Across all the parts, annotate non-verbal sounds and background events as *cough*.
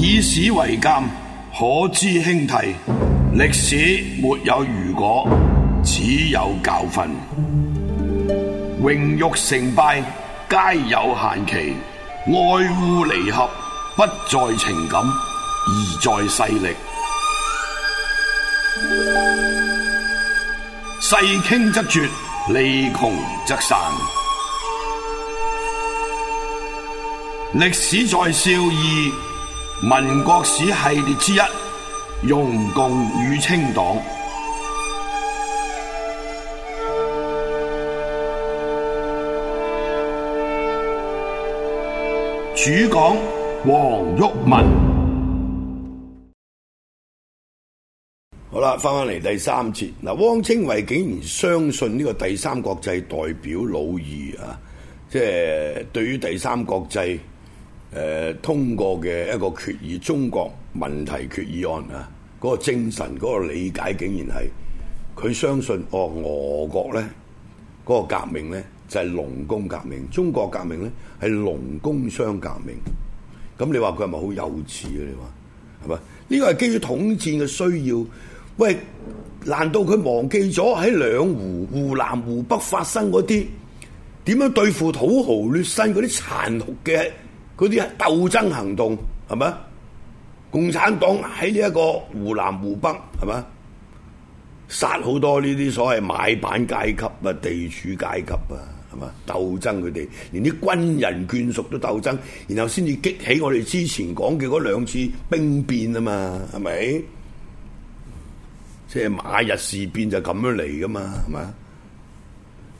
以史為鑒，可知興替。歷史沒有如果，只有教訓。榮辱成敗皆有限期，愛惡離合不在情感，而在勢力。世傾則絕，利窮則散。歷史在笑義。民國史系列之一：容共與清黨。主講黃毓民。好啦，翻返嚟第三節。嗱，汪精衛竟然相信呢個第三國際代表羅易，啊，即係對於第三國際。誒通過嘅一個決議，中國問題決議案啊，嗰個精神嗰個理解竟然係佢相信，哦俄國咧嗰個革命咧就係農工革命，中國革命咧係農工商革命。咁你話佢係咪好幼稚啊？你話係咪？呢個係基於統戰嘅需要。喂，難道佢忘記咗喺兩湖、湖南、湖北發生嗰啲點樣對付土豪劣紳嗰啲殘酷嘅嗰啲鬥爭行動係咪？共產黨喺呢一個湖南湖北係咪？殺好多呢啲所謂買辦階級啊、地主階級啊係嘛？鬥爭佢哋，連啲軍人眷屬都鬥爭，然後先至激起我哋之前講嘅嗰兩次兵變啊嘛，係咪？即係馬日事變就咁樣嚟噶嘛，係咪？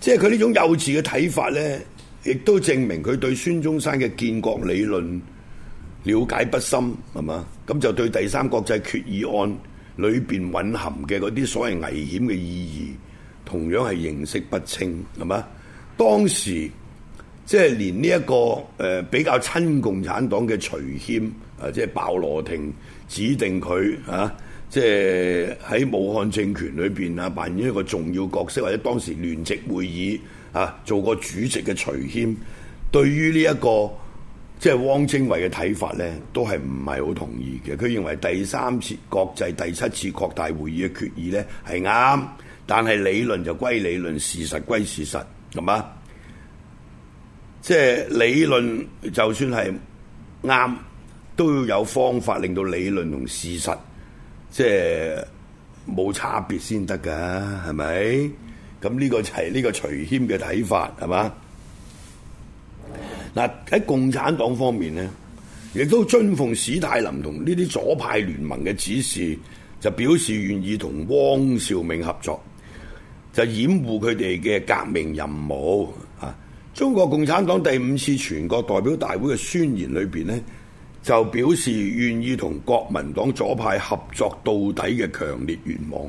即係佢呢種幼稚嘅睇法咧。亦都證明佢對孫中山嘅建國理論了解不深，係嘛？咁就對第三國際決議案裏邊蘊含嘅嗰啲所謂危險嘅意義，同樣係認識不清，係嘛？當時即係連呢、這、一個誒、呃、比較親共產黨嘅徐謙啊，即係鮑羅廷指定佢啊。即係喺武漢政權裏邊啊，扮演一個重要角色，或者當時聯席會議啊，做過主席嘅徐謙，對於呢、這、一個即係汪精衛嘅睇法呢都係唔係好同意嘅。佢認為第三次國際第七次擴大會議嘅決議呢係啱，但係理論就歸理論，事實歸事實，係嘛？即係理論就算係啱，都要有方法令到理論同事實。即係冇差別先得噶，係咪？咁呢個就係呢個徐謙嘅睇法，係嘛？嗱，喺共產黨方面呢，亦都遵奉史泰林同呢啲左派聯盟嘅指示，就表示願意同汪兆銘合作，就掩護佢哋嘅革命任務。啊，中國共產黨第五次全國代表大會嘅宣言裏邊呢。就表示願意同國民黨左派合作到底嘅強烈願望，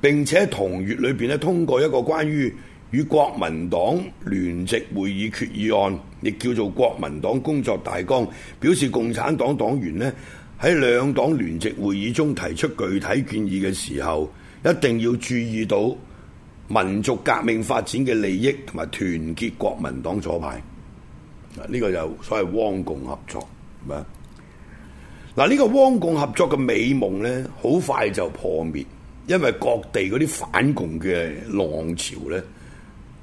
並且同月裏邊咧通過一個關於與國民黨聯席會議決議案，亦叫做國民黨工作大綱，表示共產黨黨員咧喺兩黨聯席會議中提出具體建議嘅時候，一定要注意到民族革命發展嘅利益同埋團結國民黨左派。呢、這個就所謂汪共合作。嗱，呢個汪共合作嘅美夢咧，好快就破滅，因為各地嗰啲反共嘅浪潮咧，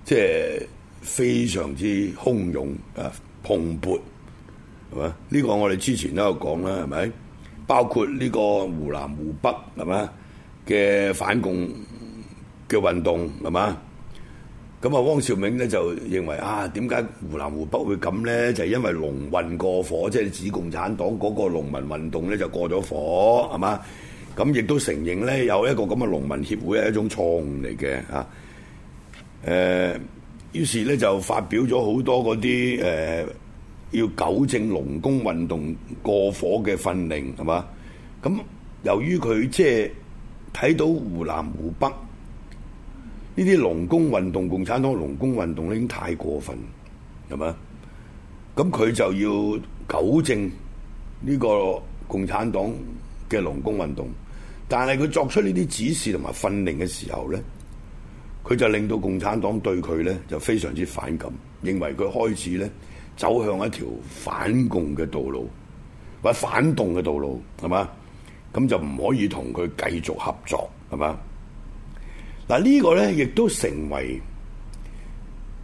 即係非常之洶湧啊，蓬勃係嘛？呢、這個我哋之前都有講啦，係咪？包括呢個湖南、湖北係嘛嘅反共嘅運動係嘛？咁啊，汪兆銘咧就認為啊，點解湖南湖北會咁呢？就係因為農運過火，即係指共產黨嗰個農民運動呢，就過咗火，係嘛？咁亦都承認呢，有一個咁嘅農民協會係一種錯誤嚟嘅嚇。誒、啊，於是呢，就發表咗好多嗰啲誒要糾正農工運動過火嘅訓令係嘛？咁、嗯、由於佢即係睇到湖南湖北。呢啲農工運動，共產黨農工運動已經太過分，係嘛？咁佢就要糾正呢個共產黨嘅農工運動，但係佢作出呢啲指示同埋訓令嘅時候咧，佢就令到共產黨對佢咧就非常之反感，認為佢開始咧走向一條反共嘅道路或者反動嘅道路，係嘛？咁就唔可以同佢繼續合作，係嘛？嗱，呢個呢，亦都成為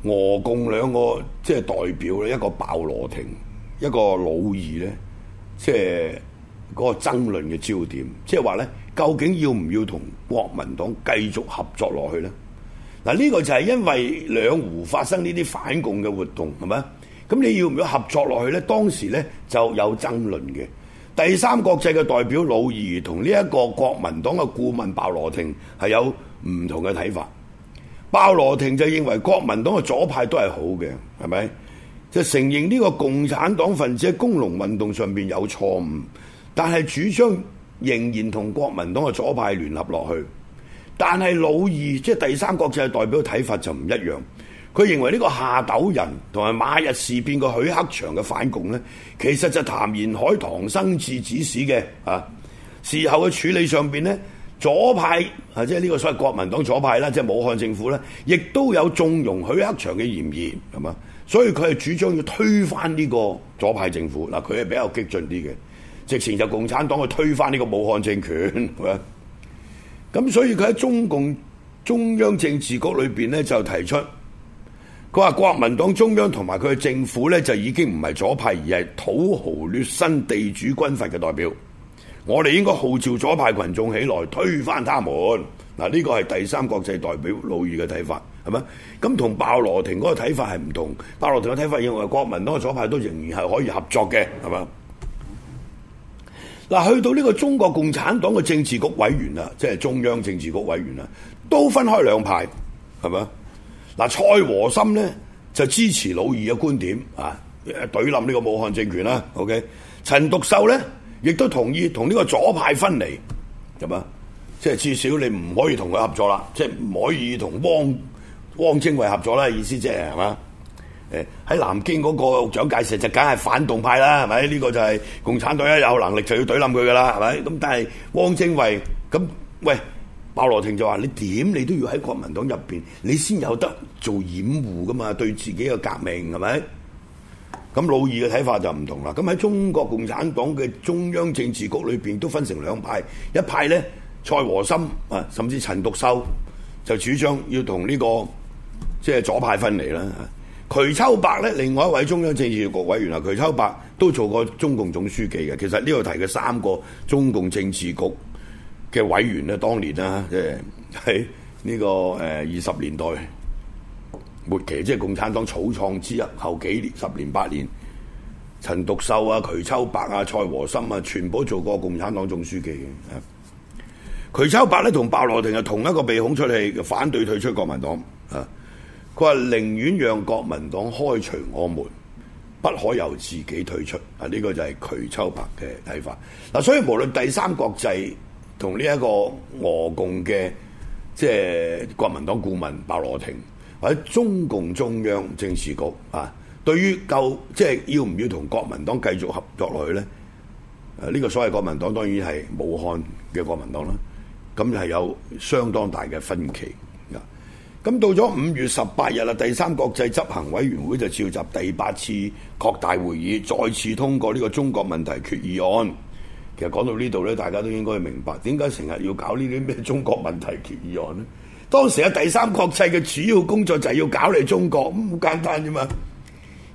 俄共兩個即係代表咧，一個鮑羅廷，一個老二呢，即係嗰個爭論嘅焦點，即係話呢，究竟要唔要同國民黨繼續合作落去呢？嗱、這、呢個就係因為兩湖發生呢啲反共嘅活動，係咪啊？咁你要唔要合作落去呢？當時呢就有爭論嘅。第三國際嘅代表老二同呢一個國民黨嘅顧問鮑羅廷係有唔同嘅睇法。鮑羅廷就認為國民黨嘅左派都係好嘅，係咪？就承認呢個共產黨分子喺工農運動上邊有錯誤，但係主張仍然同國民黨嘅左派聯合落去。但係老二即係第三國際嘅代表嘅睇法就唔一樣。佢認為呢個夏斗寅同埋馬日事變嘅許克祥嘅反共呢，其實就係譚延闓、唐生智指使嘅啊。事後嘅處理上邊呢，左派啊，即係呢個所謂國民黨左派啦，即係武漢政府咧，亦都有縱容許克祥嘅嫌疑係嘛。所以佢係主張要推翻呢個左派政府嗱，佢、啊、係比較激進啲嘅，直情就共產黨去推翻呢個武漢政權係嘛。咁所以佢喺中共中央政治局裏邊呢，就提出。佢話國民黨中央同埋佢嘅政府咧，就已經唔係左派，而係土豪劣紳地主軍閥嘅代表。我哋應該號召左派群眾起來，推翻他們。嗱，呢個係第三國際代表羅易嘅睇法，係咪？咁同鮑羅廷嗰個睇法係唔同。鮑羅廷嘅睇法認為國民黨嘅左派都仍然係可以合作嘅，係嘛？嗱，去到呢個中國共產黨嘅政治局委員啊，即係中央政治局委員啊，都分開兩派，係嘛？嗱，蔡和森咧就支持老二嘅觀點，啊，對冧呢個武漢政權啦。OK，陳獨秀咧亦都同意同呢個左派分離，咁啊，即係至少你唔可以同佢合作啦，即係唔可以同汪汪精衛合作啦。意思即係係嘛？誒，喺、哎、南京嗰個蔣介石就梗係反動派啦，係咪？呢、這個就係共產黨一有能力就要對冧佢噶啦，係咪？咁但係汪精衛咁，喂？鮑羅廷就話：你點你都要喺國民黨入邊，你先有得做掩護噶嘛，對自己嘅革命係咪？咁老二嘅睇法就唔同啦。咁喺中國共產黨嘅中央政治局裏邊都分成兩派，一派呢，蔡和森啊，甚至陳獨秀就主張要同呢、這個即係、就是、左派分離啦。瞿秋白呢，另外一位中央政治局委員啊，瞿秋白都做過中共總書記嘅。其實呢度提嘅三個中共政治局。嘅委員咧，當年呢，即係喺呢個誒二十年代末期，即係共產黨草創之一，後幾年、十年八年，陳獨秀啊、瞿秋白啊、蔡和森啊，全部做過共產黨總書記嘅、啊。瞿秋白咧同鮑羅廷係同一個鼻孔出氣，反對退出國民黨。啊，佢話寧願讓國民黨開除我們，不可由自己退出。啊、呢、這個就係瞿秋白嘅睇法。嗱、啊，所以無論第三國際。同呢一個俄共嘅即係國民黨顧問白羅廷或者中共中央政治局啊，對於夠即係、就是、要唔要同國民黨繼續合作落去呢？呢、啊呢個所謂國民黨當然係武漢嘅國民黨啦，咁、啊、係有相當大嘅分歧啊！咁到咗五月十八日啦，第三國際執行委員會就召集第八次擴大會議，再次通過呢個中國問題決議案。其實講到呢度咧，大家都應該明白點解成日要搞呢啲咩中國問題決議案咧？當時啊，第三國際嘅主要工作就係要搞嚟中國，咁好簡單啫嘛。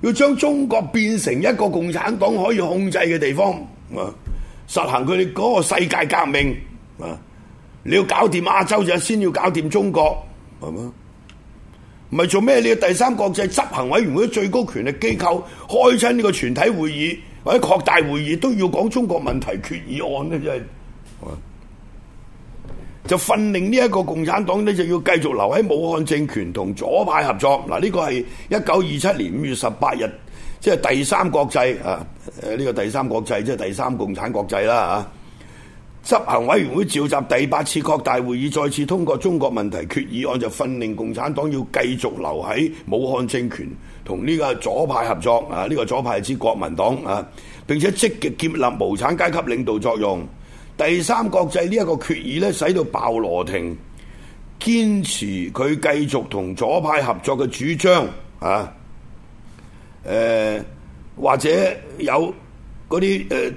要將中國變成一個共產黨可以控制嘅地方，啊，實行佢哋嗰個世界革命啊。你要搞掂亞洲，就先要搞掂中國，係嘛？唔係做咩？你要第三國際執行委員會最高權力機構開親呢個全體會議。或者擴大會議都要講中國問題決議案呢 *noise* 就係就訓令呢一個共產黨呢就要繼續留喺武漢政權同左派合作。嗱，呢個係一九二七年五月十八日，即係第三國際啊，呢個第三國際即係第三共產國際啦。啊，執行委員會召集第八次擴大會議，再次通過中國問題決議案，就訓令共產黨要繼續留喺武漢政權。同呢個左派合作啊！呢、這個左派指國民黨啊，並且積極建立無產階級領導作用。第三國際呢一個決議呢，使到鮑羅廷堅持佢繼續同左派合作嘅主張啊。誒、呃，或者有嗰啲誒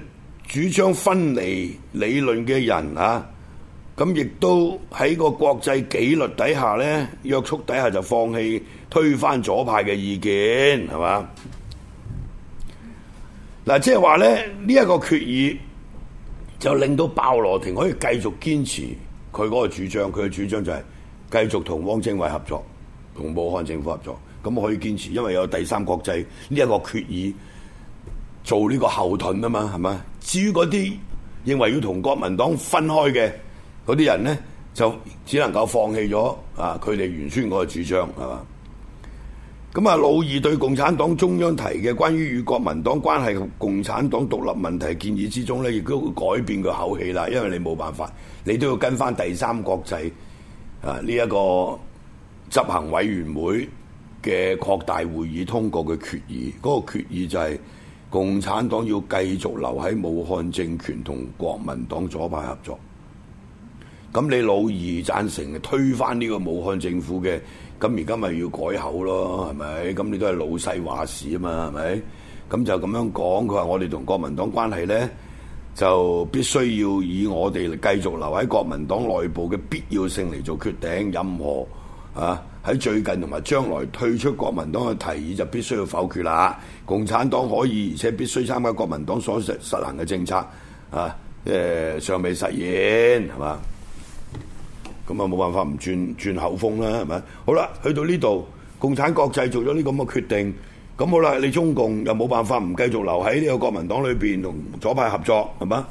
主張分離理論嘅人啊，咁、啊、亦都喺個國際紀律底下呢約束底下就放棄。推翻左派嘅意見，係嘛？嗱，即係話咧，呢一個決議就令到鮑羅廷可以繼續堅持佢嗰個主張，佢嘅主張就係繼續同汪精衛合作，同武漢政府合作。咁可以堅持，因為有第三國際呢一個決議做呢個後盾啊嘛，係嘛？至於嗰啲認為要同國民黨分開嘅嗰啲人咧，就只能夠放棄咗啊，佢哋原先嗰個主張，係嘛？咁啊，老二對共產黨中央提嘅關於與國民黨關係、共產黨獨立問題建議之中咧，亦都改變個口氣啦。因為你冇辦法，你都要跟翻第三國際啊呢一個執行委員會嘅擴大會議通過嘅決議。嗰個決議就係共產黨要繼續留喺武漢政權，同國民黨左派合作。咁你老二贊成推翻呢個武漢政府嘅，咁而家咪要改口咯，係咪？咁你都係老細話事啊嘛，係咪？咁就咁樣講，佢話我哋同國民黨關係呢，就必須要以我哋繼續留喺國民黨內部嘅必要性嚟做決定。任何啊喺最近同埋將來退出國民黨嘅提議就必須要否決啦。共產黨可以而且必須參加國民黨所實行嘅政策啊，誒、呃、尚未實現係嘛？咁啊，冇辦法唔轉轉口風啦，係咪？好啦，去到呢度，共產國際做咗呢咁嘅決定，咁好啦，你中共又冇辦法唔繼續留喺呢個國民黨裏邊同左派合作，係咪？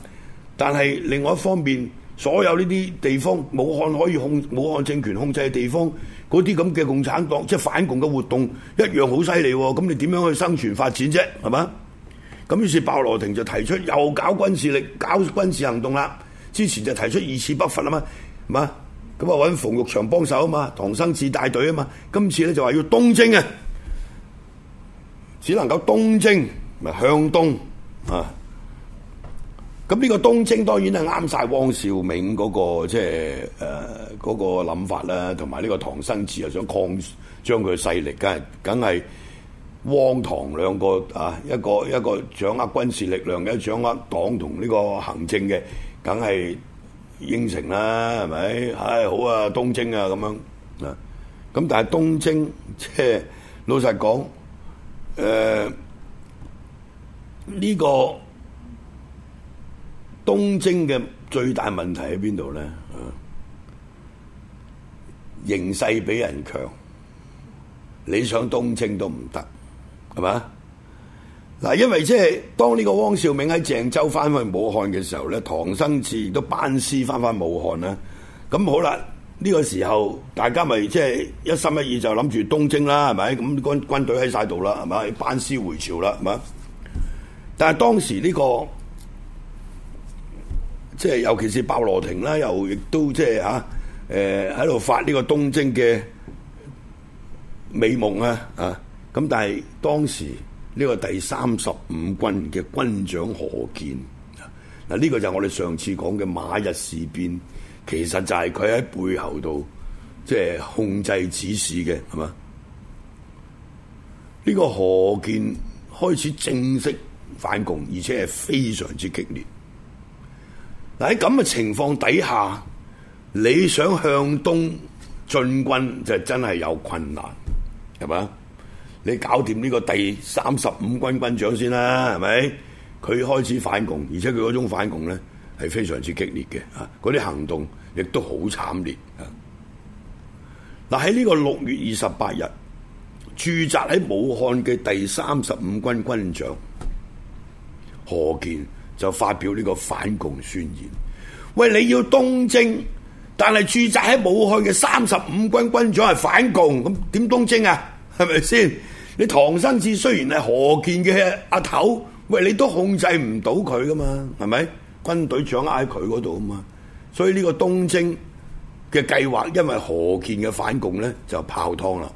但係另外一方面，所有呢啲地方，武漢可以控武漢政權控制嘅地方，嗰啲咁嘅共產黨即係反共嘅活動一樣好犀利喎。咁你點樣去生存發展啫？係咪？咁於是鮑羅廷就提出又搞軍事力，搞軍事行動啦。之前就提出二次北伐啊嘛，係嘛？咁啊，揾馮玉祥幫手啊嘛，唐生智帶隊啊嘛，今次咧就話要東征啊，只能夠東征，咪向東啊。咁、這、呢個東征當然係啱晒汪兆銘嗰個即係誒嗰個諗法啦，同埋呢個唐生智又想擴張佢勢力，梗係梗係汪唐兩個啊，一個一個掌握軍事力量，一個，掌握黨同呢個行政嘅，梗係。應承啦，係咪？唉、哎，好啊，東征啊，咁樣啊。咁但係東征，即、就、係、是、老實講，誒、呃、呢、這個東征嘅最大問題喺邊度咧？啊，形勢比人強，你想東征都唔得，係嘛？嗱，因為即係當呢個汪兆銘喺鄭州翻去武漢嘅時候咧，唐生智亦都班師翻返武漢啦。咁好啦，呢、呢個時候大家咪即係一心一意就諗住東征啦，係咪？咁軍軍隊喺晒度啦，係嘛？班師回朝啦，係嘛？但係當時呢、呢個即係、即係、尤其是鮑羅廷啦，又亦都即係吓誒喺度發呢個東征嘅美夢啊！啊，咁但係當時。呢個第三十五軍嘅軍長何健，嗱、呢、呢個就係我哋上次講嘅馬日事變，其實就係佢喺背後度即係控制指使嘅，係嘛？呢、呢個何健開始正式反共，而且係非常之激烈。嗱喺咁嘅情況底下，你想向東進軍就真係有困難，係嘛？你搞掂呢個第三十五軍軍長先啦，係咪？佢開始反共，而且佢嗰種反共呢係非常之激烈嘅，啊！嗰啲行動亦都好慘烈啊！嗱，喺呢個六月二十八日，駐紮喺武漢嘅第三十五軍軍長何鍵就發表呢個反共宣言。喂，你要東征，但係駐紮喺武漢嘅三十五軍軍長係反共，咁點東征啊？係咪先？你唐生智雖然係何鍵嘅阿頭，喂，你都控制唔到佢噶嘛？係咪？軍隊掌握喺佢嗰度啊嘛，所以呢個東征嘅計劃，因為何鍵嘅反共咧，就泡湯啦。